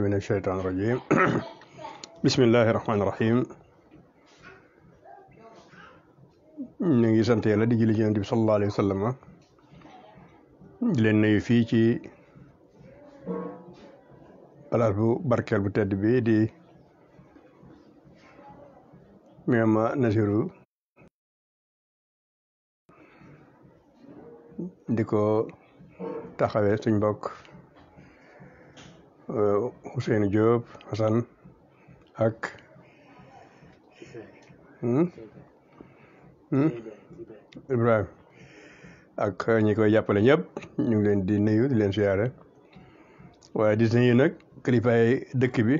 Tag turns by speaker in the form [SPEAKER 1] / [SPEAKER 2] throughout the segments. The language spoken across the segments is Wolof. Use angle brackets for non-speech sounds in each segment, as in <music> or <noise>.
[SPEAKER 1] من الشيطان الرجيم <clears throat> بسم الله الرحمن الرحيم ñu ngi sant yàlla di julli ci yonent bi sallallahu alayhi wa sallam di leen nuyu fii ci palaas bu barkeel bu tedd bii di Méoma Nazirou di ko taxawee suñ mbokk Ousseynou äh, Diop Assane ak hmm? hmm? Ibrahima ak ñi koy jàppale ñëpp ñu ngi leen di nuyu leen siyaare waaye di nuyu nag kilifaay dëkk bi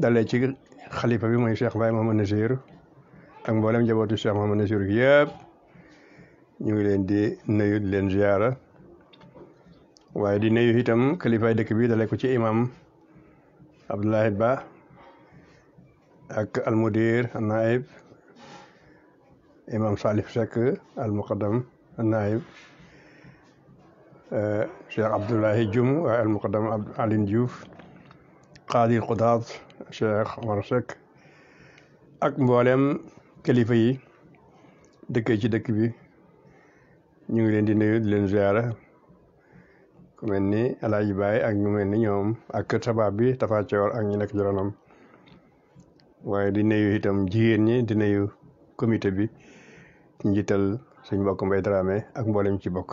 [SPEAKER 1] dalee ci xalifa bi mooy Cheikh Baye Mouhamed Nassir ak mboolem njabootu Cheikh Mouhamed Nassir gi yëpp ñu ngi leen di nuyu di leen ziyaara waaye di nuyu itam kalifaay dëkk bi dale ko ci imam Abdoulahi Ba ak almudir naib imam Salif Seck almuqaddam naib eh, cheikh Abdoulahi Dioum almuqaddam Aline Diouf qaadi Qudaat cheikh Omar Seck ak mboolem kilifa yi dëkkee ci dëkk bi ñu ngi leen di nuyu di leen ziara ku mel ni Alaaji Baay ak ñu mel ni ñoom ak kër sabab bi Tafa Coor ak ñi nekk juróom waaye di nuyu itam jigéen ñi di nuyu comité bi njiital suñ mbokk Mbay Dramé ak mboolem ci bokk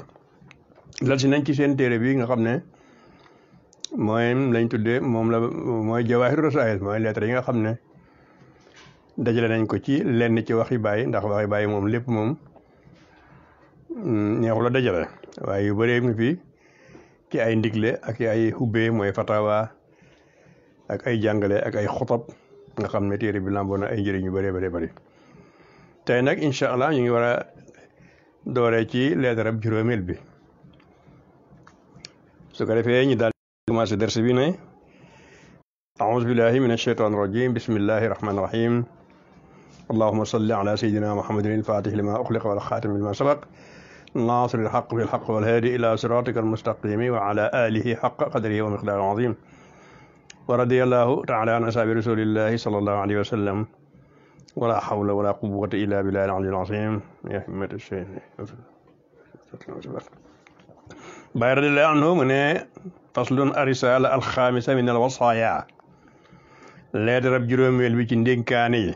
[SPEAKER 1] lal si nañ ci seen téere bi nga xam ne mooy lañ tuddee moom la mooy jawaahiru rasaayil mooy lettre yi nga xam ne dajale nañ ko ci lenn ci waxi Baay ndax waxi Baay moom lépp moom mm, neexu la dajale waaye yu bëree mi fii ci ay ndigle ak ay hubbee mooy fatawa ak ay jàngale ak ay xotab nga xam ne téere bi lamboo na ay njëriñ yu bëree bëri bëri tey nag incha allah ñu ngi war a dooree ci leetarab juróomeel bi su ko defee ñu daal commencé ders bi ne aoudu billahi min alsheytan irajim bismillahi irahmani irahim allahuma salli ala sayidina muhammadin alfatih lima uxliqa wal xaatimi lima sabaq ناصر الحق بالحق والهادي إلى صراطك المستقيم وعلى آله حق قدره ومقداره العظيم ورضي الله تعالى عن أصحاب رسول الله صلى الله عليه وسلم ولا حول ولا قوة إلا بالله العلي العظيم يا حمة الشيخ باي الله عنه من فصل الرسالة الخامسة من الوصايا لا juróomeel من ci ndénkaane yi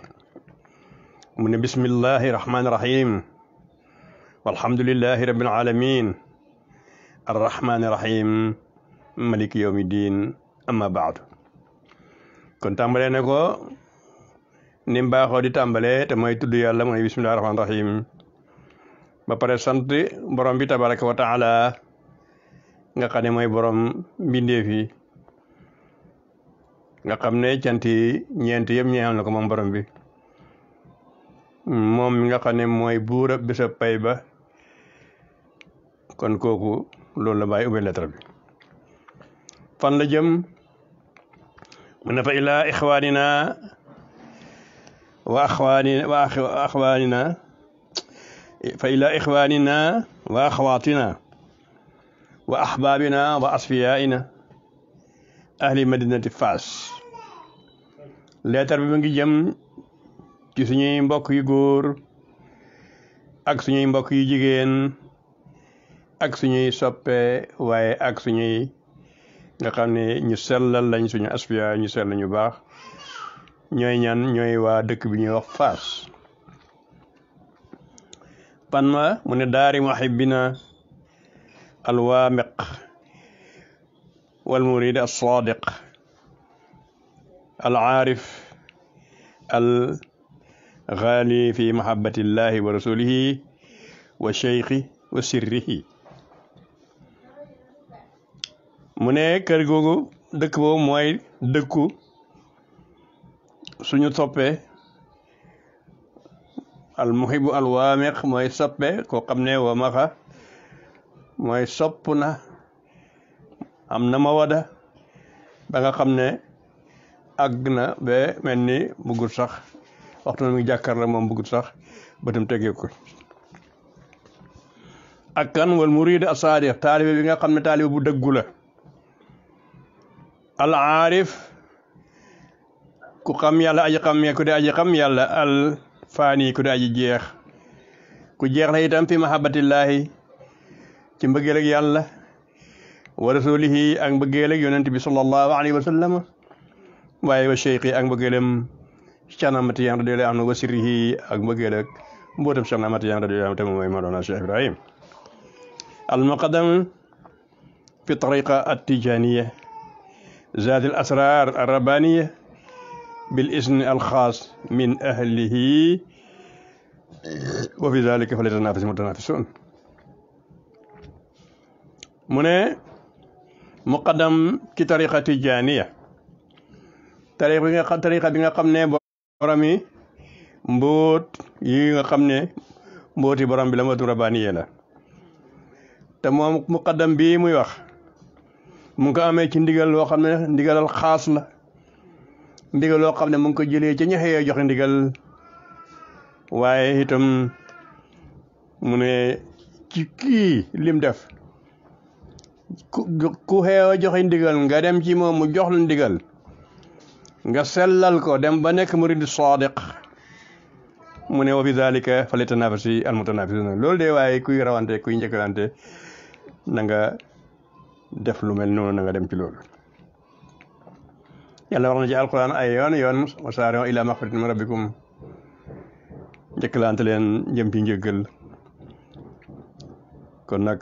[SPEAKER 1] mu ne bismillahi Walhamdulillahi Rabbil Alamin Ar-Rahman Ar-Rahim Malik Yawmiddin Amma Ba'adu Kon tambale nako Nim ba khodi tambale Tamay tuddu ya Allah Bismillahirrahmanirrahim Bapak Raya Santri Baram Bita Baraka wa Ta'ala Nga kane may baram kamne chanti Nyanti yam nyayam nako mong baram bi Mom nga kane may Bura besa kon koku loolu la bàyyi ubbee lettre bi fan la jëm mu fa ila ixwaanina wa axwaani wa axwaanina fa ila ixwaanina wa axwaatina wa axbaabina wa asfiyaina ahli madinati Faas lettre bi mu ngi jëm ci suñuy mbokk yu góor ak suñuy mbokk yu jigéen ak suñuy soppé waye ak suñuy nga xamné ñu sellal lañ suñu asfiya ñu sell ñu baax ñoy ñan ñoy wa dëkk bi ñuy wax faas panma mu ne daari muhibbina alwamiq والمريد الصادق العارف الغالي في محبة الله ورسوله rasulihi وسره mu ne kër googu dëkk boobu mooy dëkku suñu soppee al muhibu al waameq mooy soppe koo xam ne wa maxa mooy sopp na am na ma wada ba nga xam ne àgg na ba mel ni bëggul sax waxtu na mu ngi la moom bëggul sax bëtam tegee ko ak kan wal muriid asaadiq taalibe bi nga xam ne taalibe bu dëggu la al aarif ku xam yàlla aji xam ku di aji xam yàlla al faani ku di aji jeex ku jeex la itam fi mahabbatillahi ci mbëggeel ak yàlla wa rasulihi ak mbëggeel ak yonent bi sallallahu alayhi wa sallam waaye wa cheikhi ak mbëggeelam Cheikhna Ahmad Tijaan radiyallahu anhu wa sirrihi ak mbëggeel ak mbootam Cheikhna Ahmad Tijaan radiyallahu anhu tam mooy Mawlana Cheikh Ibrahim al muqaddam fi tariqa at tijaniyya زاد الأسرار الربانية بالإذن الخاص من أهله وفي ذلك فليتنافس المتنافسون من مقدم كطريقة جانية طريقة طريقة بين قمنا برامي مبوت يين قمنا مبوت برام بلا ربانية لا تمام مقدم بي ميوخ mu ngi ko amee ci ndigal loo xam ne ndigalal xaas la ndigal loo xam ne mu ngi ko jëlee ci ñaxe yee joxe ndigal waaye itam mu ne ci kii lim def ku xeew joxe ndigal nga dem ci moom mu jox la ndigal nga sellal ko dem ba nekk murid sadiq mu ne wa fi dalika fali tanafasi almutanafisuna loolu de waaye kuy rawante kuy njëkkalante na def lu mel noonu na nga dem ci loolu yàlla wax na ci alquran ay yoon yoon wasaari'u ilaa maxfiratin min rabbikum njëkkalante leen jëm ci kon nag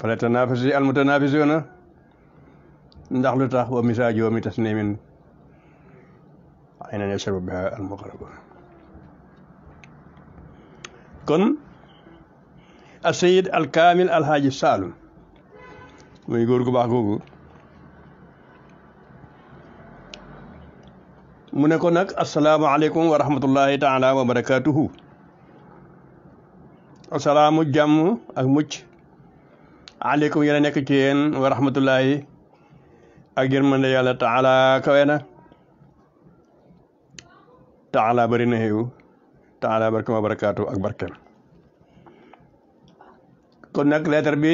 [SPEAKER 1] fala tanaafasi almutanaafisuuna ndax lu tax wa misaajoo mi tasniimin aynan yashrabu bihaa almuqarrabuun kon asayid alkaamil alhaaji Saalum mooy góor gu mu ne ko nag asalaamaaleykum wa rahmatullahi taala wa barakaatuhu asalaamu jàmm ak mucc aleykum yéen nekk ci yéen wa rahmatullahi ak yërmande yàlla taala kawe na taala na xew taala barkam wa ak barkem kon nag leetar bi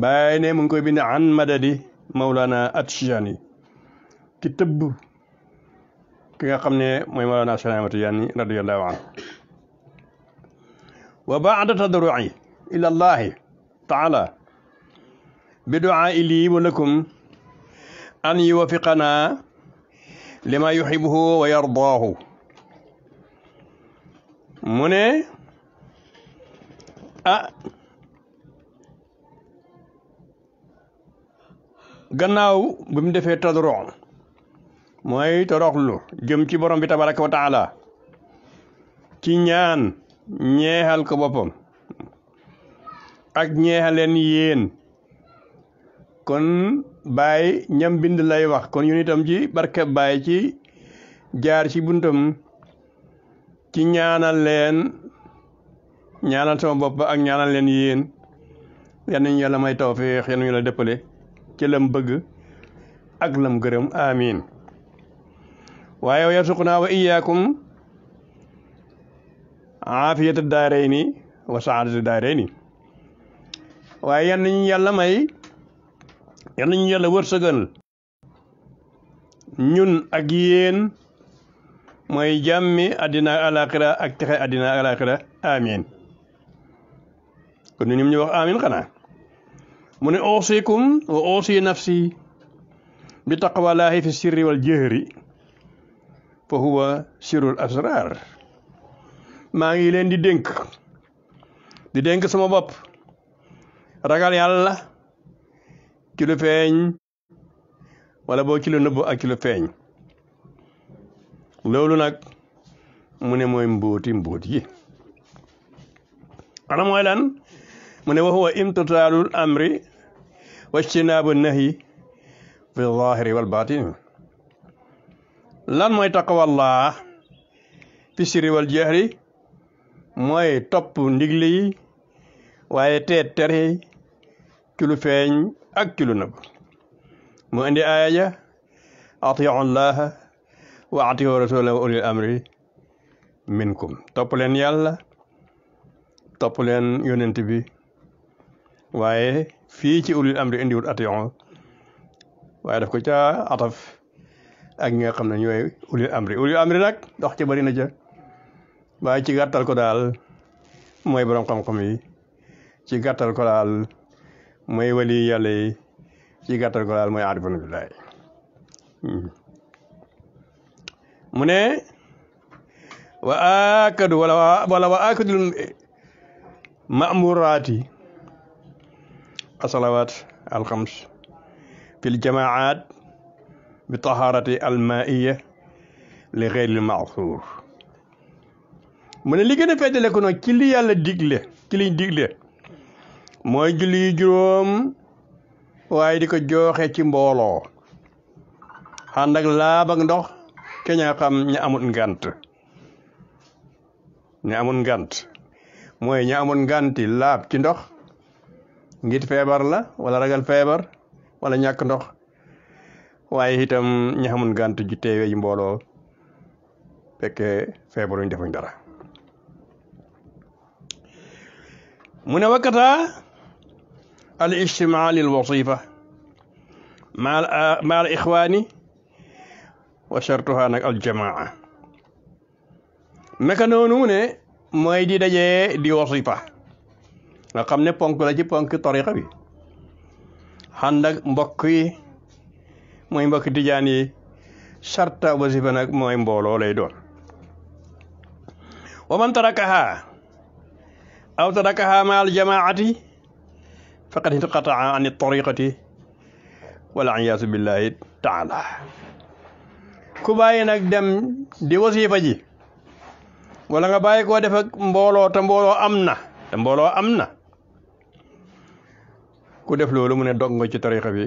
[SPEAKER 1] bàyyi mu ngi koy bind an madadi mawlana atijani ki teub ki nga xamne moy mooy mawlana cheikh atijani radiallahu anhu wa ba'da tadru'i ila allah taala bi duaai lii wa lakum an yuwafiqana lima yuxibuhu wa yardaahu mu ne ah gannaaw bi mu defee tadron mooy toroxlu jëm ci borom bi tabaraka wa taala ci ñaan ñeexal ko boppam ak ñeexaleen yéen kon baay ñam bind lay wax kon ñun itam ci barke baay ci jaar ci buntam ci ñaanal leen ñaanal sama bopp ak ñaanal leen yéen yal nañu yàlla may tawféex yal nañu yàlla dëppale ci lam bëgg ak lam gërëm amiin waaye wa yarzuqnaa wa iyaakum aafiyata daarayni wa saadata daarayni waaye yan nañu yàlla may yan nañu yàlla ñun ak yéen mooy jàmmi àddina alaaxira ak texe àddina alaaxira amiin kon ñun ñu wax amiin xanaa mu ne oosikum wa oosi nafsi bi taqwalaahi fi sirri wal jahri fa huwa sirul asrar maa ngi leen di dénk di dénk sama bopp ragal yàlla ci lu feeñ wala boo ci lu nëbb ak ci lu feeñ loolu nag mu ne mooy mbóoti yi ana mooy lan mu ne wa huwa imtitaalul amri wa ijtinaabu nahyi fi zaahiri wal baatin lan mooy taqawallaa fi sirri wal jahri mooy topp ndigle yi waaye teet tere yi ci lu feeñ ak ci lu nëbb mu indi aaya ja atiicu llaaha wa atiicu rasuulahu wa ulil amri minkum topp leen yàlla topp leen yonent bi waaye fii ci ulil amri indiwul ation waaye def ko ca ataf ak ñi nga xam ne ñooy ulil amri ulil amri nag dox ci bari na ca waaye ci gàttal ko daal mooy borom xam-xam yi ci gàttal ko daal mooy wali yàlla ci gàttal ko daal mooy aarifuna billaahi mu ne wa akadu wala wa akadul mamuraati asalawaat alxams fi ljamaat bi taharati li xeyril maxsuur mu ne li gën a feddale ko ci li yàlla digle ci liñ digle mooy julli yu juróom waaye di ko jooxe ci mbooloo ànd ak laab ndox ke ñaa xam ña amul ngant ña amul ngant mooy ña amul nganti laab ci ndox ngit febar la wala ragal febar wala ñak ndox waye itam ñi xamul gànt ju teewee yi féké fekkee feebaruñ defuñ dara mu wakata al ijtimaa lil wasifa ma al ikhwani wa shartuha nak al jamaa mekanonu ne moy di dajé di wasifa nga xamne ne ponk la ci ponk tariqa bi ànd mbokk yi moy mbokk tidiane yi sharta wazifa nak moy mbolo lay doon wa man tarakaha aw tarakaha ma al jamaati faqad intaqata'a an tariqati wal a'yaz billahi taala ku baye nak dem di wazifa ji wala nga baye ko def ak mbolo ta mbolo amna ta mbolo amna ku def loolu mu ne dog nga ci tarixa bi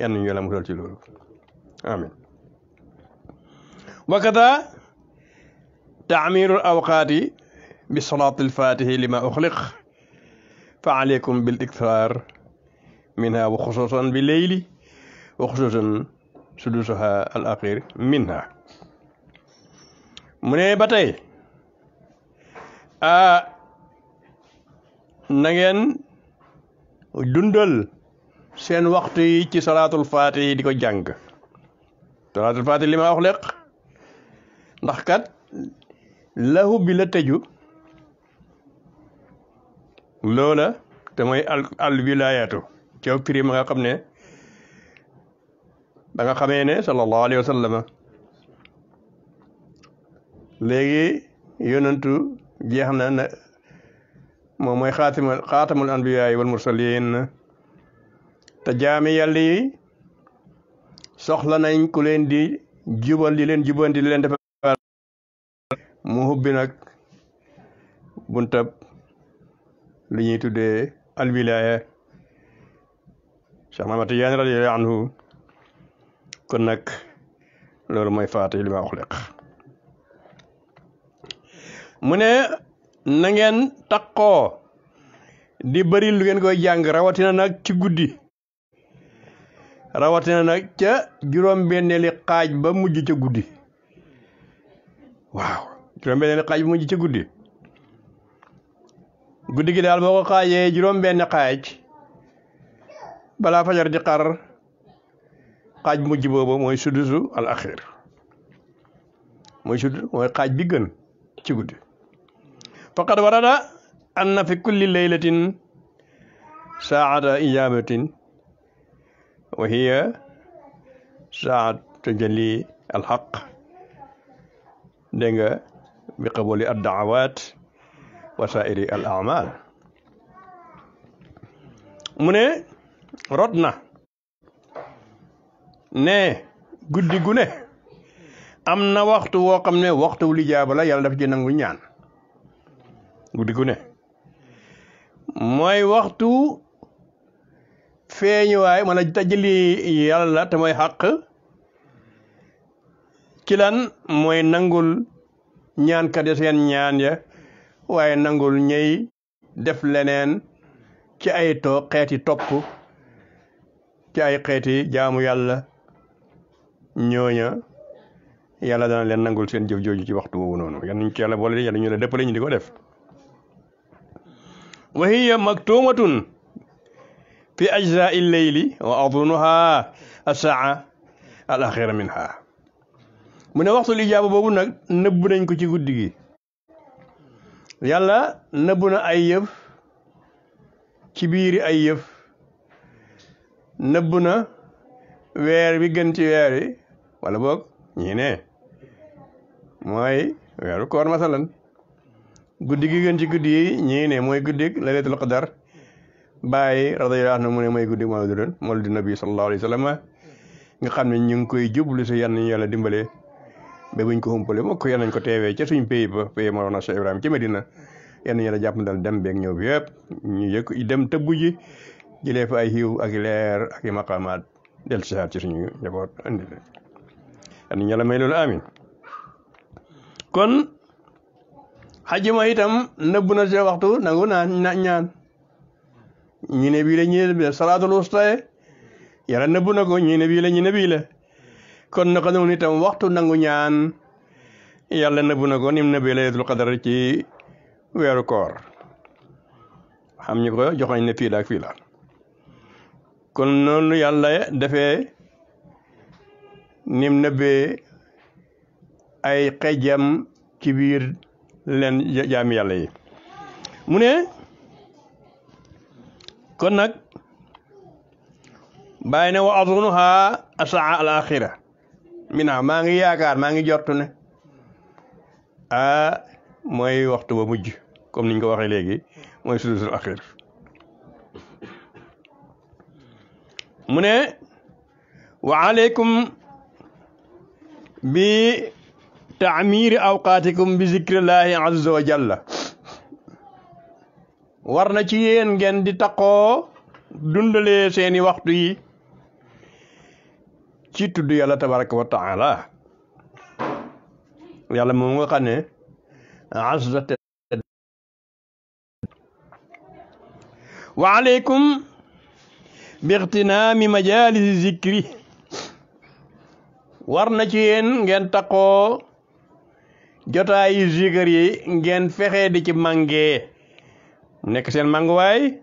[SPEAKER 1] yan ñu yàlla musal ci loolu amin وكذا تعمير الأوقات بصلاة الفاتح لما أخلق فعليكم بالإكثار منها وخصوصا بالليل وخصوصا سدوسها الأخير منها من باتاي آه نغن dundal seen waxtu yi ci salaatul yi di ko jàng salaatul faatihi li ma wax ndax kat lahu bi la tëju loola te mooy al al wilaayatu ca firi ma nga xam ne danga nga xamee ne sallallahu alayhi wa léegi yonantu jeex na na moom mooy xaatimul xaatamul anbiyaay wal mursalin te jaami yàlla yi soxla nañ ku leen di jubal di leen jubandi di leen defal mu hubbi nag buntab li ñuy tuddee alwilaaya Cheikh Mahamad Tijaani radiyallaahu anhu kon nag loolu mooy faati li mu ne na ngeen takkoo di bari lu ngeen koy jàng rawatina nag ci guddi rawatina nag ca juróom-benneeli xaaj ba mujj ca guddi waaw juróom-benneeli xaaj ba mujj ca guddi guddi gi daal boo ko xaajee juróom-benn xaaj balaa fajar di xar xaaj mujj boobu mooy sudusu su axir mooy sud mooy xaaj bi gën ci guddi. فقد ورد أن في كل ليلة ساعة إجابة وهي ساعة تجلي الحق دنجا بقبول الدعوات وسائر الأعمال من ردنا نه قد gu ne am na waxtu woo xam ne waxtu wu guddi gu ne mooy waxtu feeñuwaay mën a tajali yàlla te mooy xàq ci lan mooy nangul ñaankat ya seen ñaan ya waaye nangul ñëy def leneen ci ay to xeeti topp ci ay xeeti jaamu yàlla ñooña yàlla dana leen nangul seen jëf jooju ci waxtu woowu noonu yan ñu ci yàlla boole yan ñu la ñu di ko def wa hiya maktuumatun fi ajzaa'i leyli wa adunuha asaa al axira minha mu ne waxtul ijaaba boobu nag nëbbu nañ ko ci guddi gi yàlla nëbb na ay yëf ci biiri ay yëf nëbbu na weer bi gën ci weer yi boog ñii ne mooy weeru koor masalan guddi gi gën ci guddi yi ñii ne mooy guddi laylatul qadar bàyyi radiyallahu anhu mu ne mooy guddi mawlid mawlid nabi sallallahu alayhi wa sallam nga xam ne ñu ngi koy jublu si yan ñu yàlla dimbale ba buñ ko xumpale mokk yan nañ ko teewee ca suñ pays ba pays Mawlana Cheikh Ibrahima ci Medina yan yàlla jàpp na dem beeg ñëw bi yëpp ñu yëg dem tëbb ji jëlee fa ay xiiw ak leer ak i maqaamaat del siaat ci suñu njaboot may loolu amin kon xaj ma itam nëbbu na see waxtu nangu naa ñaan ñi ne bii la ñi ne bii la salaatul na ko ñi ne bii la ñi na bii la kon naka waxtu nangu ñaan yàlla nëbb na ko nim la laylatul qadar ci weeru koor xam ñu ko joxoñ ne fii la kon noonu yàlla defee nim nëbbee ay xejam ci biir leen jaami yàlla yi mu ne kon nag bàyyi ne wa azunuha asaa al axira mina maa ngi yaakaar maa ngi jortu ne ah mooy waxtu ba mujj comme niñ ko waxee léegi mooy sulusul axir mu ne wa aleykum bi taamiri awqaatikum bi zikrillaahi azza wa jalla war na ci yéen ngeen di taqoo dundalee seeni waxtu yi ci tudd yàlla tabaraka wa taala yàlla moom nga xam ne azza wa aleykum bi ixtinaami majaalisi zikri war ci yéen ngeen taqoo jotaayu zikar yi ngeen fexe di ci màngee nekk seen mànguwaay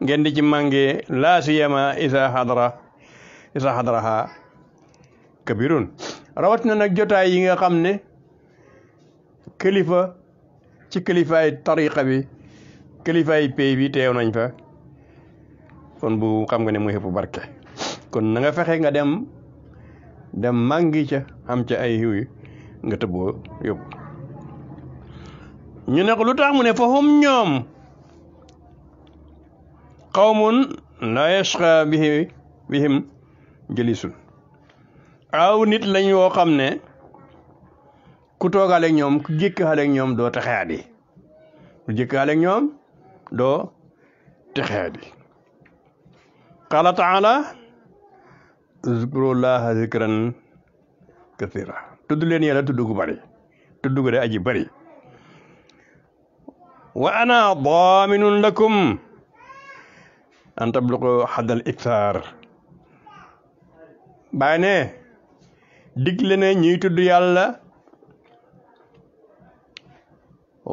[SPEAKER 1] ngeen di ci màngee laa siyama isa xadra isa xadraha kabirun rawatina nag jotaay yi nga xam ne kilifa ci kilifaay tariqa bi kilifaay pay bi teew nañ fa kon bu xam nga ne muy xëpp barke kon na nga fexe nga dem dem màngi ca am ca ay xiw yi nga tëbboo yóbbu ñu ne ko lu tax mu ne fahum ñoom qawmun la yashqa bihi bihim jëlisul aw nit lañ woo xam ne ku toogaaleeg ñoom ku jékkaaleeg ñoom doo texeadi ku jékkaaleeg ñoom doo texeadi qaala taala zkurullaha zikran kathira tuddu len yalla tuddu ku bari tuddu ko aji bari wa ana daaminun lakum antabluqu hadal xaddal bayne diglene ne digle ne ñuy tudd yàlla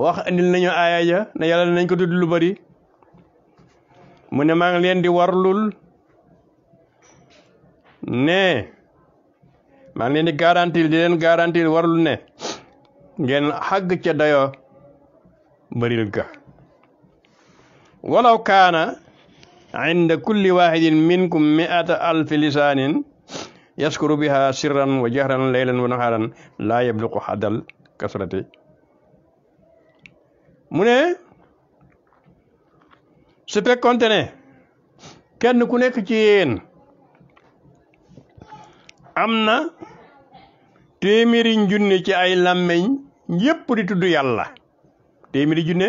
[SPEAKER 1] wax andil nañu aaya ja ne nañ ko tuddu lu bari mune ma ngi len di warlul ne maa ngi leen di garantil di leen ne ngeen xàgg ca dayoo bëril ga walaw kaana inda kulli wahidin minkum miata alfi lisaanin yaskuru biha sirran wa jahran laylan wa naharan laa yabluqu xadal kasrati mu ne su fekkonte ne kenn ku nekk ci am na téeméeri junne ci ay làmmeñ yépp di tudd yàlla téeméeri junne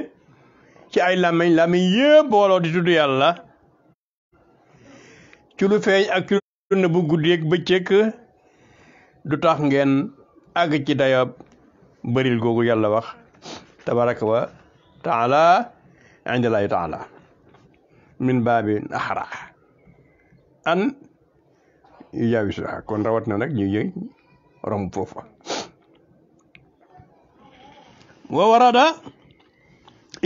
[SPEAKER 1] ci ay làmmeñ làmmeñ yépp booloo di tudd yàlla ci lu feeñ ak ci lu nëbb bu guddeeg bëccëg du tax ngeen àgg ci dayab bëril googu yàlla wax tabaraka wa taala indallaahi taala min baabi axra an yu yaayu kon rawat na nag ñu yëy romb foofa wa warada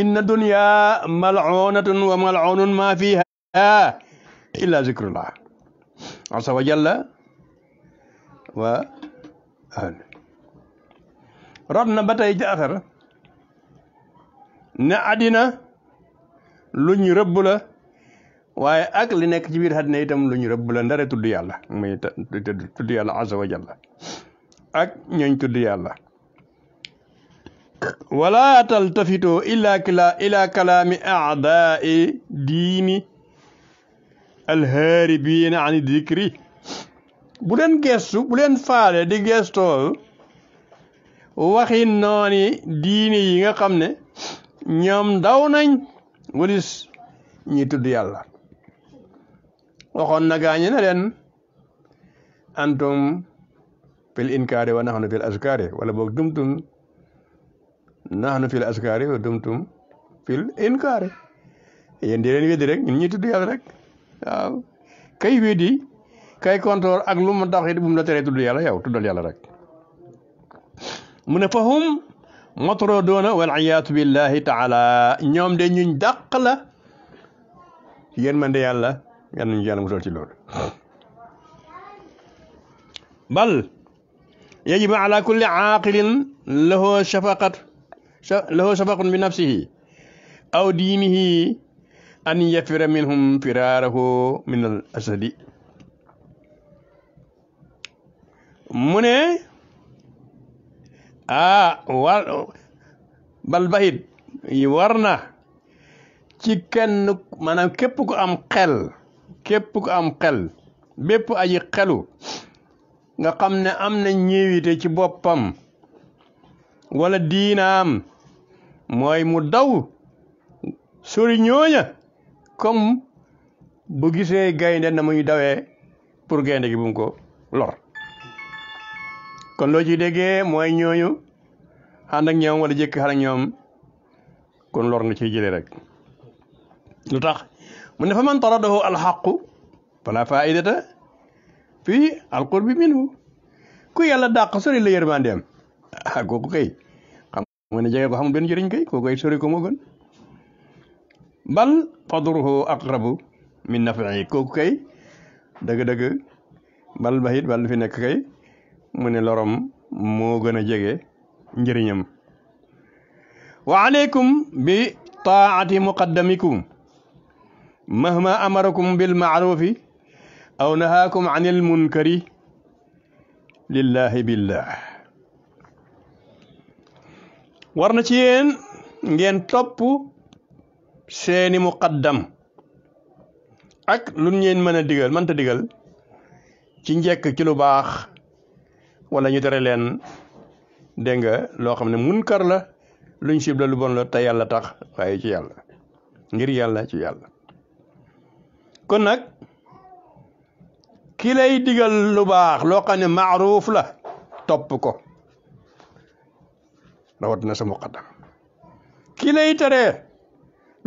[SPEAKER 1] inna dunya mal'unatun wa ma fiha illa zikrullah azza wa jalla wa na ba tey ci axar luñ rëbb waaye ak li nekk ci biir àddina itam lu ñu rëbb la ndare tudd yàlla muy tudd yàlla azza wa jalla ak ñooñ yàlla wala taltafitoo ila kala kalaami aadaai diini alhaaribiina ani dikri bu leen gestu bu leen faale di gestoo waxi nooni diini yi nga xam ne ñam daw nañ walis ñi tudd yàlla waxoon na gaañi ne antum fil inkaari wa nahnu fil azkaari wala boog dumtum nahnu fil azkaari wa dumtum fil inkaari yéen di leen rek ñun ñi tudd yàlla rek kay weddi kay kontoor ak lu mu tax it bu mu la teree tudd yàlla yow tuddal yàlla rek mu ne fahum mutraduuna wal iyaatu billahi taala ñoom de ñuñ dàq la yéen man de yàlla yal nañu yàlla musal ci loolu bal yajibu ala kulli aaqilin lahoo shafaqat lahoo shafaqun bi nafsihi aw diinihi an yafira minhum firaarahu min al asadi mu ne aa ah, war bal bahit war na ci kenn maanaam képp ku am xel képp ku am xel bépp aji xelu nga xam ne am na ñéewite ci boppam wala diinaam mooy mu daw sori ñooña comme bu gisee gaynde na muy dawe pour gaynde gi bu ko lor kon loo ci déggee mooy ñooñu ànd ak ñoom wala jëkk xar ñoom kon lor nga ciy jëlee rek lu tax mu ne fa man taradahu alxaqu fala faidata fii alqurbi minhu ku yàlla dàq sori la yërmandeem ah kooku kay xam mu ne jege ko xamul benn jëriñ kay kooku ay sori ko moo gën bal fadruhu aqrabu min nafii kooku kay dëgg-dëgg bal bahit bal fi nekk kay mu ne lorom moo gën a jege njëriñam wa aleykum bi taati muqaddamikum مهما أمركم بالمعروف أو نهاكم عن المنكر lillahi billah warna ci yeen ngeen topp seeni muqaddam ak lu ñeen mën a digal mënta digal ci njekk ci lu baax wala ñu tere leen dégg nga loo xam ne munkar la luñ sib la lu bon la te yàlla tax waaye ci yàlla ngir yàlla ci yàlla kon nag ki lay digal lu baax loo xam ne maaruuf la topp ko rawat na sa muqaddam ki lay teree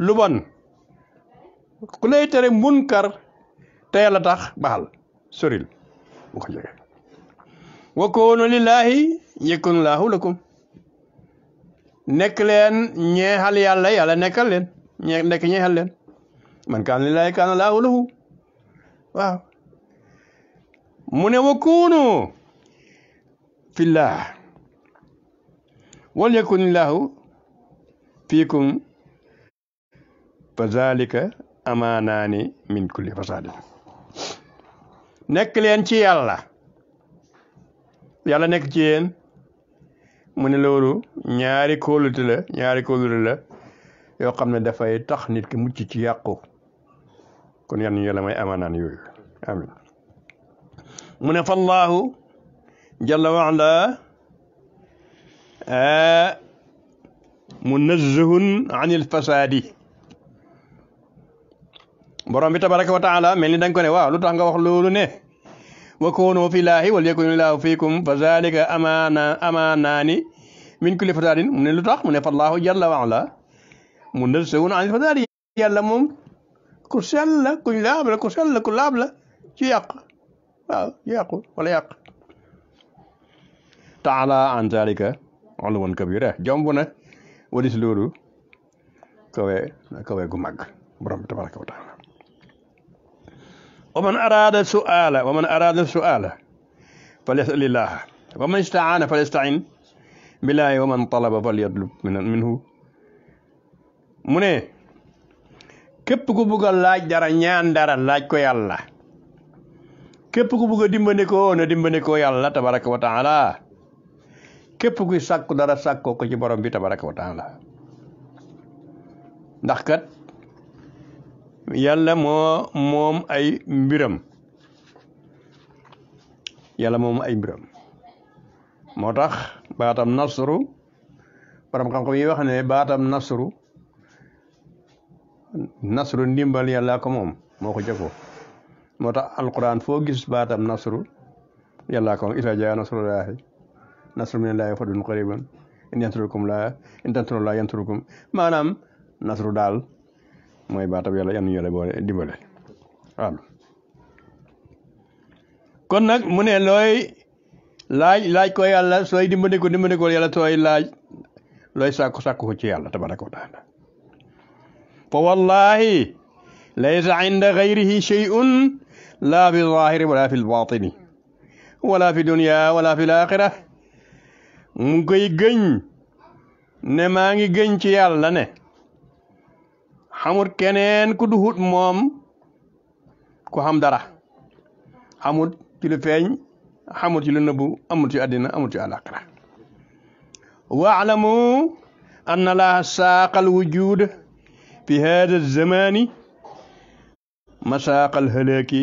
[SPEAKER 1] lu bon ku lay tere munkar te yàlla tax baxal soril bu ko jege wa koonu lillaahi yakunu laahu nekk leen ñeexal yàlla yàlla nekkal leen ñe nekk ñeexal leen man kaana lillaahi e kaana laahu lahu mu ne wa kuunu fillah wal yakun illaahu fiikum fa zalika amaanaani min kulli fasaadin nekk leen ci yàlla yàlla nekk ci yéen mu ne loolu ñaari kóolute la ñaari kóolute la yoo xam ne dafay tax nit ki mucc ci yàqu kon yan ñu yàlla may amaanaan yooyu amin mu ne fa allahu jalla wa ala munazzahun anil fasaadi borom bi tabaraka wa mel ni da ko ne waaw lu nga wax ne wa koonoo fi laahi wal yakun ilaahu fiikum fa zalika amaana amaanaani min kulli fasaadin mu ne lu mu ne fa allahu jalla wa ala munazzahun anil fasaadi yàlla ku sell la kuñ laab la ku sell la ku laab la ci yàq waaw ci yàqu wala yàq taala an zalika uluwan kabira jomb na walis loolu kawe kawe gu mag borom tabaraka wa taala wa man arada suala wa man arada suala falyas'alillah wa man istaana falyasta'in billahi wa man talaba falyatlub minhu mu ne képp ku bugg a laaj dara ñaan dara laaj ko yàlla képp ku bugg a dimbandikoo na dimbandikoo yàlla tabaraka wa taala képp kuy sàkku dara sàkkoo ko ci borom bi tabaraka wa taala ndax kat yàlla moo moom ay mbiram yàlla moom ay mbiram moo tax nasru borom xam-xam yi wax ne baatam nasru nasru ndimbal yàllaa ko moo ko jagoo moo tax alquran foo gis baatam nasru yàllaa ko moom isa jaa nasrullaahi nasru minallaahi fadun qariban in yansurukum laa in tansurullaa yansurukum maanaam nasru daal mooy baatam yàlla yan yàlla boole dimbale kon nag mu ne looy laaj laaj ko yàlla sooy dimbali ko dimbali ko yàlla laaj looy sàkku sàkku ko ci yàlla tabaraka wa taala فوالله ليس عند غيره شيء لا في الظاهر ولا في الباطن ولا في الدنيا ولا في الآخرة مكي جن نماني جن يالا نه حمود كنين كدو هوت موم كو حم دارا حمود تلفين حمود تلنبو أمود تأدينا أمود تألاقرة واعلموا أن الله ساق الوجود في هذا الزمان مساق الهلاك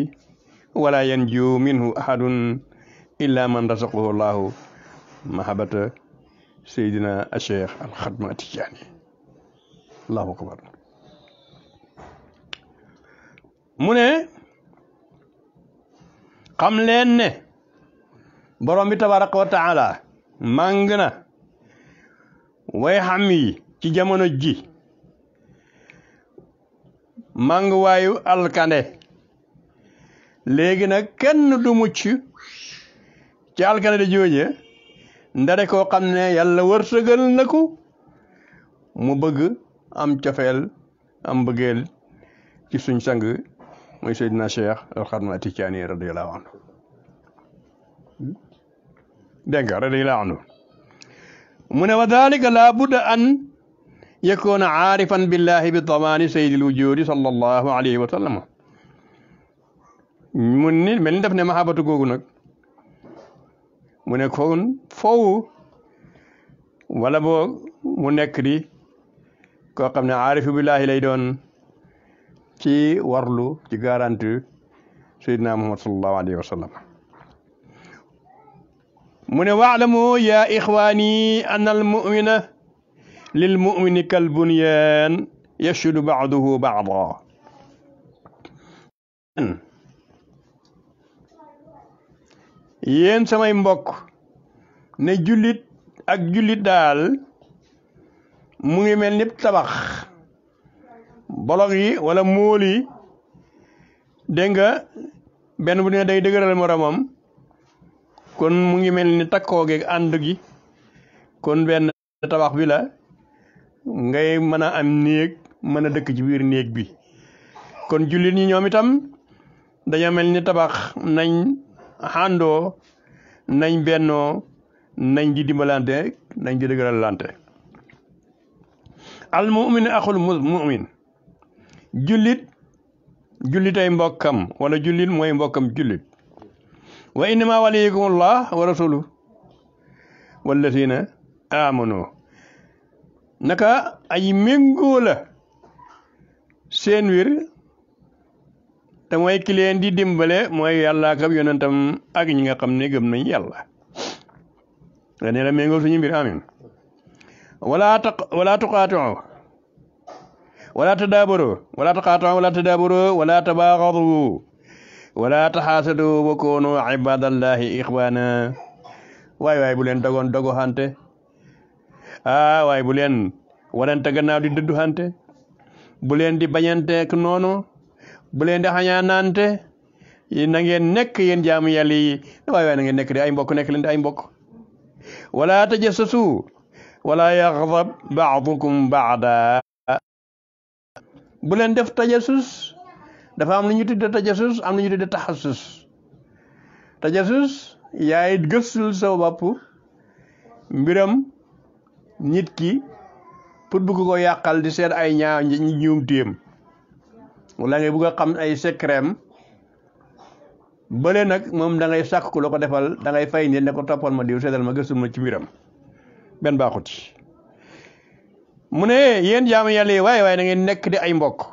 [SPEAKER 1] ولا ينجو منه أحد إلا من رزقه الله محبة سيدنا الشيخ الخدمة التجاني الله أكبر من قم xam برمي تبارك وتعالى bi ويحمي wa taala waayu alkande léegi nag kenn du mucc ci alkande di jooje ndare koo xam ne yàlla wërsëgal na ko mu bëgg am cofeel am bëggeel ci suñ sang mooy Seydina Cheikh Alxadim Atijaani radiyallaahu anhu dégg nga mu ne wa daalika laa an يكون عارفا بالله بضمان سيد الوجود صلى الله عليه وسلم mun ni mel ni def ne mahabatu googu nag mu ne kon foofu wala boo mu nekk di koo xam ne aarifu billaahi lay doon ci warlu ci garanti sayyidina muhammad sallallahu alayhi wa sallam mu ne waalamu ya ixwaani anna al mumina lil mumini kal bunyaan du baaduhu baada yéen samay mbokk ne jullit ak jullit daal mu ngi mel ni tabax bolog yi wala móol yi dégg nga benn bu ne day dëgëral moromam kon mu ngi mel ni takkoo geeg ànd gi kon benn tabax bi la ngay mën a am néeg mën a dëkk ci biir néeg bi kon jullit ñi ñoom itam dañoo mel ni tabax nañ àndoo nañ bennoo nañ di dimbalante nañ di dëgëralante al mu'min axul mu'min jullit jullitay mbokkam wala jullit mooy mbokkam jullit wa innama waliyukumullah wa rasuluhu wallazina amanu naka ay méngoo la seen wir te mooy ki di dimbale mooy yàlla ak yonentam ak ñi nga xam ne gëm nañ yàlla la ne la méngoo suñu mbir amin wala taq wala tuqaatoo wala tadaabaro wala tuqaatoo wala tadaabaro wala tabaaxadu wala taxaasadu wa koonu ibadallahi ixwaana waay waay bu leen dogoon dogoxante ah waaye bu leen warante gannaaw di dëdduxante bu leen di bañanteek noonu bu leen di xañaanaante na ngeen nekk yéen jaamu yàlla yi waaye waaye na ngeen nekk di ay mbokk nekk leen di ay mbokk wala tajassasu wala yaxdab baadukum baada bu leen def tajassus dafa am lu ñu tudde tajassus am lu ñu tudde taxassus tajassus yaay sa bopp mbiram nit ki pour bëgg ko yàqal di seet ay ñaaw ñi ñuum téem wala ngay bëgg a xam ay secret bële nag moom da ngay sàkk ku la ko defal da ngay fay nit ne ko toppal ma diw seetal ma gëstul ma ci biram benn baaxut mu ne yéen jaamu yàlla yi waaye da ngeen nekk di ay mbokk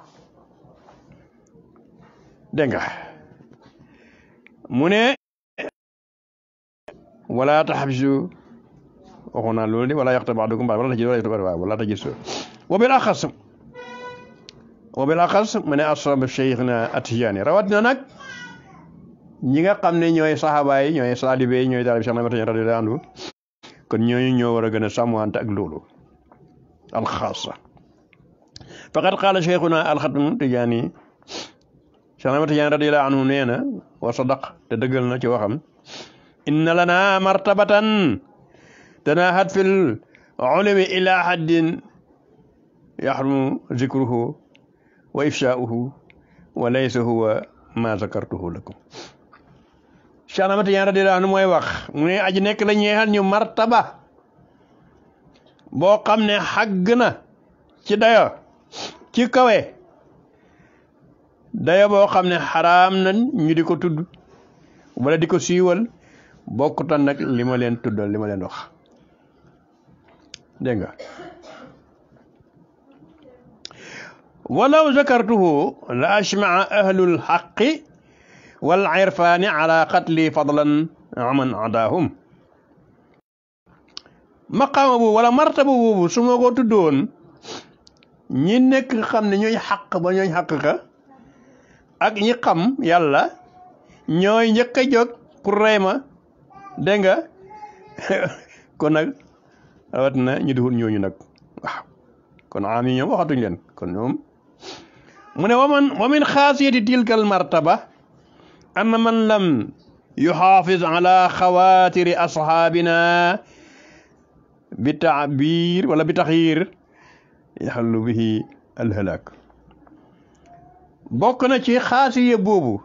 [SPEAKER 1] dégg nga wala waxuna naa ni wala yaqta ba'dukum kum wala tajissu wala yaqta ba'dukum ba'dan wala tajissu wa bil akhas wa bil akhas man asra bi Cheikhna atiyani rawatina nak ñi nga xamne ñoy sahaba yi ñoy salibe ñoy ñooy daal bi Cheikh Ahmad Tijaan anhu kon ñoy ñoo faqad anhu neena na wa sadaq te na ci waxam inna lana martabatan تناهت في العلم إلى حد يحرم ذكره وإفشاؤه وليس هو ما ذكرته لكم Cheikhna Mate Diagne radiyallaahu anhu mooy wax mu ne aji nekk la ñeexal ñu martaba boo xam ne xàgg na ci dayo ci kawe dayo boo xam ne xaraam nañ ñu di ko tudd wala di ko siiwal bokkutan nag lima leen tuddal li ma leen wax dégg nga walaw zakartuhu la ajmaa ahlul xaqi wal irfaani ala qatli fadlan aman adaahum maqaama boobu wala martaba boobu su ma ko tuddoon ñi nekk xam ne ñooy xaq ba ñooy xaq ka ak ñi xam yàlla ñooy njëkk a jóg pour ma dégg nga <laughs> rawat na ñu diful ñooñu nag waaw kon am yi man lam yuxaafis ala xawaatiri asxaabina bi taabiir wala bi taxiir yaxallu bihi alhalaak bokk na ci xaasiya boobu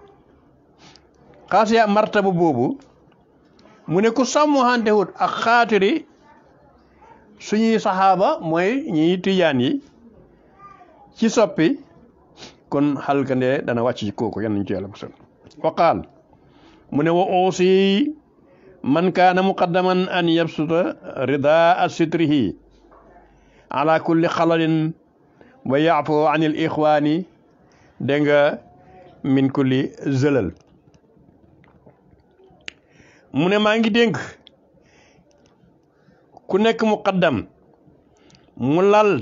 [SPEAKER 1] xaasiya martaba boobu mu ne ku sàmmuhantewut ak xaatiri suñuy sahaba moy ñiy tiyani yi ci soppi kon halkande dana wacc ci koku yan ñu ci ko musal wa wa man kana muqaddaman an yabsuta ridaa asitrihi. ala kulli khalalin wa ya'fu an al ikhwani dégg min kulli zalal mune ne ku nekk muqaddam mu lal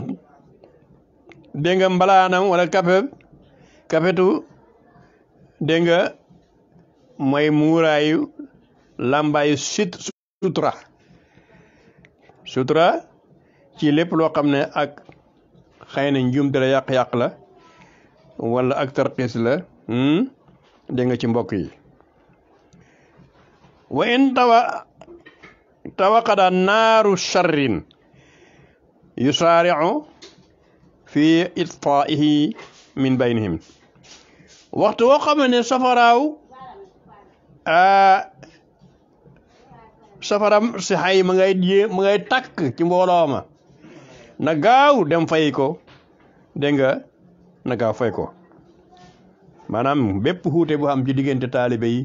[SPEAKER 1] dégg nga mbalaanam wala kafe kafetu dégg nga mooy muuraayu làmbaayu sit sutra, sutura ci lépp loo xam ne ak xëy na njuumte la yàq-yàq la wala ak tarxiis la hmm? dégg nga ci mbokk yi wa in tawa tawaqada naaru yu yusaaricu fi itfaihi min baynihim waxtu woo xam ne safaraaw safaram si xay ma ngay jée ma ngay tàkk ci mbooloo ma na gaaw dem fay ko dégg nga na gaaw fay ko maanaam bépp xuute bu am ci diggante taalibe yi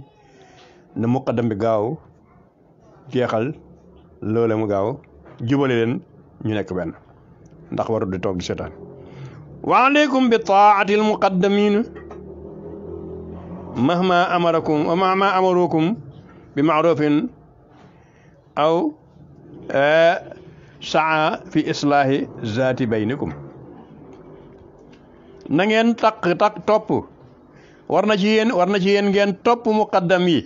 [SPEAKER 1] na muqaddam bi gaaw jeexal loole mu gaaw jubale leen ñu nekk benn ndax warut di toog di seetaan wa aleykum bi taati al muqaddamin mahma amarakum wa mahma amarukum bi maarufin aw e, saa fi islaahi zaati baynikum na ngeen takk takk topp war na ci yéen war na ci yéen ngeen topp muqaddam yi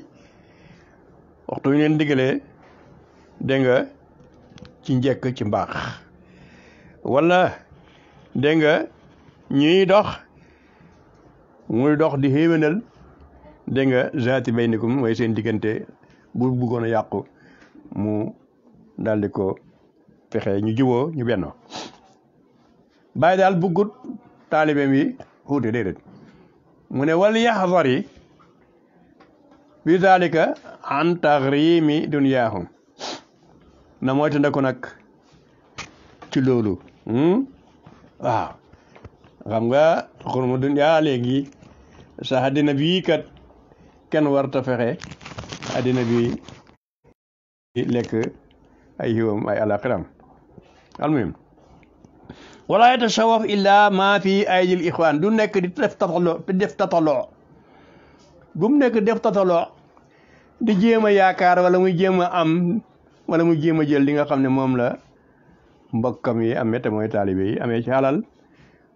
[SPEAKER 1] waxtu ñu leen digalee dégg nga ci njëkk ci mbaax wala dégg nga ñuy dox muy dox di xéwénal dégg nga zaati baynikum mooy seen diggante bu buggoon a yàqu mu daldi ko pexe ñu juboo ñu bennoo bàyyi daal buggut taalibeem yi xuute déedéet mu ne wal yaxdari bi dalika an taxrimi dunyaahum na moytandiku nag ci loolu hmm? waaw xam nga xurma duniyaa léegi sax àddina bi kat kenn warta fexe àddina bi lekk ay xiwam ay alaxiram almuhim wala yatashawaf illa ma fi aydil ixwaan du nekk di def tatalo di def tatalo di jéem a wala muy jéem am wala mu jéem a jël li nga xam ne moom la mbokkam yi amee te mooy taalibe yi amee ci alal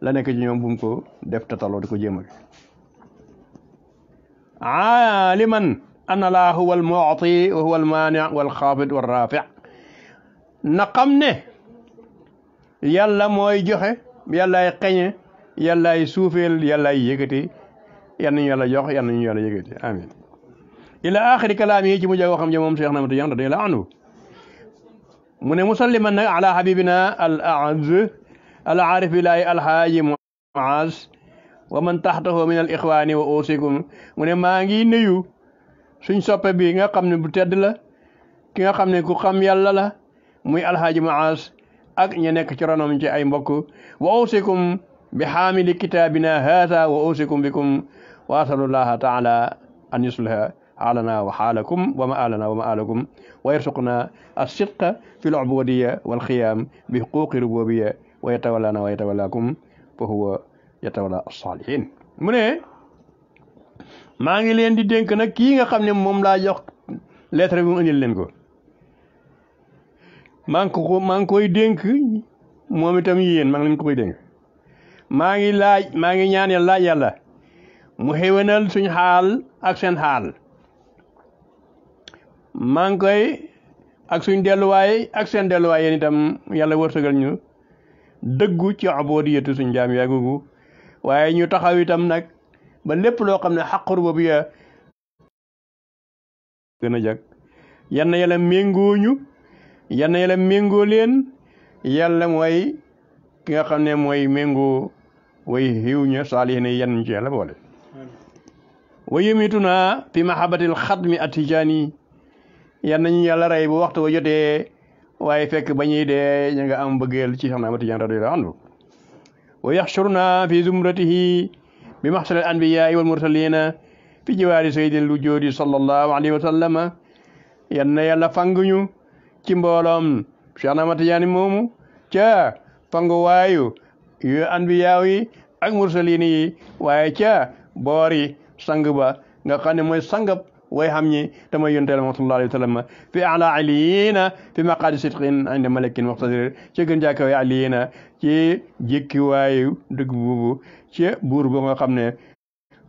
[SPEAKER 1] la nekk ci ñoom bu ko def ta di ko jéem a aaliman an laa huwa al wa huwa al wa al xaafid wa al raafi na xam ne yàlla mooy joxe yàllaay xeñe yàllaay suufeel yàllaay yëkkati yal nañu yàlla jox yal ñu yàlla yëkkati amin ila axiri kalaam yi ci mujj a waxam ja moom Cheikh Ahmad Tidiane radiyallahu anhu mu ne musalliman nag ala habibina al aaz al aarif billahi alhaaji muaz wa man taxtahu min al ixwaani wa usikum mu ne maa ngi nuyu suñ soppe bi nga xam ne bu tedd la ki nga xam ne ku xam yàlla la muy alhaaji muaz ak ña nekk ci ronom ci ay mbokk wa usikum bi xaamili kitaabina haada wa usikum bikum wa asalullaha taala an yuslaha aalana wa xaalakum wa ma aalana wa ma aalakum wa yarsuqna alsidqa fi lubudiyya walxiyaam bi xuquqi rububiyya wa yatawallana wa yatawallakum fa huwa yatawalla alsaalihin mu ne maa ngi leen di dénk nag kii nga xam ne moom laa jox lettre bi mu indil leen ko maa ngi ko maa koy dénk moom itam yéen maa ngi leen ko koy dénk maa ngi laaj maa ngi ñaan yàlla laaj yàlla mu xéwénal suñ xaal ak seen xaal maa ngi koy ak suñ delluwaay ak seen delluwaay yéen tam yàlla wërsëgal ñu dëggu ci aboodiyatu suñ jaam yaa googu waaye ñu taxaw itam nag ba lépp loo xam ne xaqur boobu ya gën a jag yann yàlla méngoo ñu yann yàlla méngoo leen yàlla mooy ki nga xam ne mooy méngoo way xiw ña saalihin yi yan ñu ci yàlla boole wa yëmitu naa fi mahabatil xatmi atijaani yan nañu yàlla rey bu waxtu ba jotee waaye fekk ba ñuy dee ñu nga am bëggeel ci Seexna Ahmad Tijaan radiyallaahu anhu wa yaxshurna fi zumratihi bi maxsal anbiyaai wal mursalina fi jiwaari sayyidil wujuudi sallallahu alayhi wa yan na yàlla fanguñu ci mbooloom Seexna Ahmad Tijaan moomu ca fangu waayu yu anbiyaaw ak mursalin waaye ca boori sang ba nga xam ne mooy sangab ويهمني تما ينتهي رحمة الله عليه وسلم في أعلى عليين في مقعد صدق عند ملك مقتدر شكرا جاك يا عليين ci jékki waayu dëgg boobu ci buur bo nga xam ne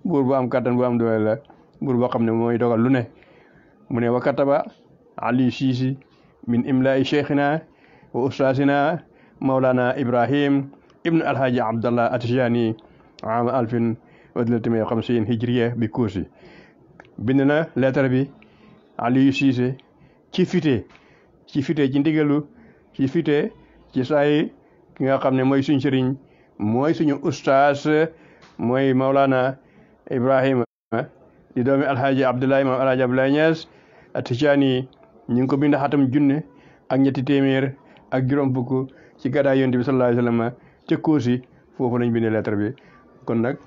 [SPEAKER 1] buur bu am kattan bu am doole la buur boo xam ne mooy dogal lu ne mu ne wa kataba ali siisi min imlaai cheikhina wa ustaasina maulana ibrahim ibnu alhaji abdallah atijani ama alfin wa thalathmiya wa khamsin hijriya bi kuusi bind na lettre bi Aliou Cissé ci fite ci fite ci ndigalu ci fite ci say ki nga xamné ne suñu sëriñ moy suñu oustaz moy Maulana Ibrahim, di doomi Alhaji Abdoulaye moom Alhaji Abdoulaye Niass atijani ñing ko bind xatam junne ak ñetti téeméer ak juróom fukk ci gada yonent bi sallallahu alayhi wasallam ci Koosi bind lettre bi kon nak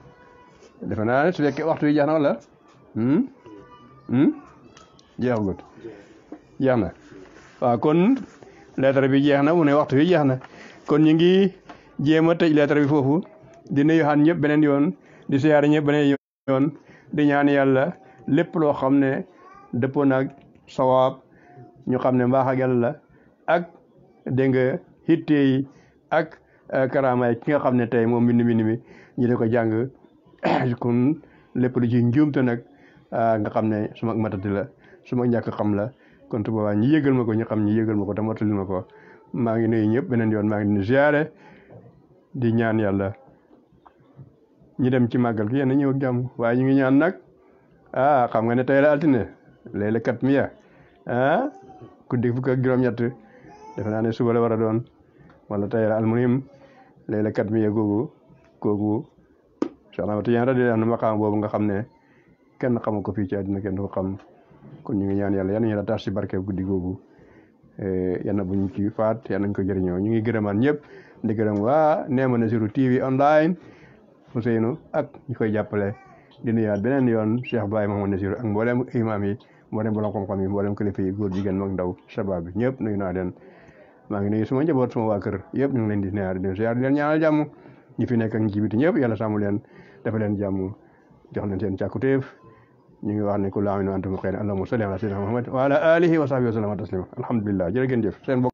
[SPEAKER 1] defana su fekkee waxtu yi jaxna wala hmm Hmm? jeexagut jeex na waaw kon lettre bi jeex na mu ne waxtu bi jeex na kon ñu ngi jéem a tëj lettre bi foofu di nuyu xaan ñëpp beneen yoon di siyaare ñëpp beneen yoon di ñaan yàlla lépp loo xam ne dëppoo nag sawaab ñu xam ne mbaax la ak dégg nga hitte yi ak euh, karaamaay ki nga xam ne tey moom mbind mbind mi ñu di ko jàng <coughs> kon lépp lu ci njuumte nag Ah, nga xam ne su ma matati la su ma ñàkk xam la kon tu boobaa ñi yëgal ma ko ñu xam ñi yëgal ma ko te matal ma ko maa ngi nuyu ñëpp beneen yoon maa ngi nuyu ñaan yàlla ñi dem ci màggal gi yéen a waaye ñu ngi ñaan nag ah xam nga ne tey la altine léeg-léeg kat miya ah naa ne suba la war a doon wala tey la almunim léeg-léeg kat boobu nga xam ne. kenn xamu ko fii ci aduna kenn du ko xam kon ñu ngi ñaan yalla yalla ñu la tax ci barke guddi gogu euh yalla buñ ci faat yalla nañ ko jëriño ñu ngi gërëmaan ñëpp di wa ah, waa na Nazirou TV online Ousseynou ak ñu koy jappalé di nuyaat benen yoon Cheikh Baye Mamadou Nazirou ak mboolem imam yi mboolem borom xam-xam yi mboolem kilifa yi góor jigéen mag ndaw sabab ñëpp nuyu na leen ma ngi nuyu suma njabot suma wa kër yëpp ñu ngi leen di nuyaat di ziar di leen ñaanal jamm ñi fi nekk ak ñi ci biti ñëpp yalla samu leen dafa leen jamm jox leen seen ciakuteef ñu ngi wax ne kullu aamin wa antum bi xayrin allahumma salli ala sayyidina muhammad wa ala alihi wa sahbihi wa sallama taslima alhamdulillah jërë ngeen jëf seen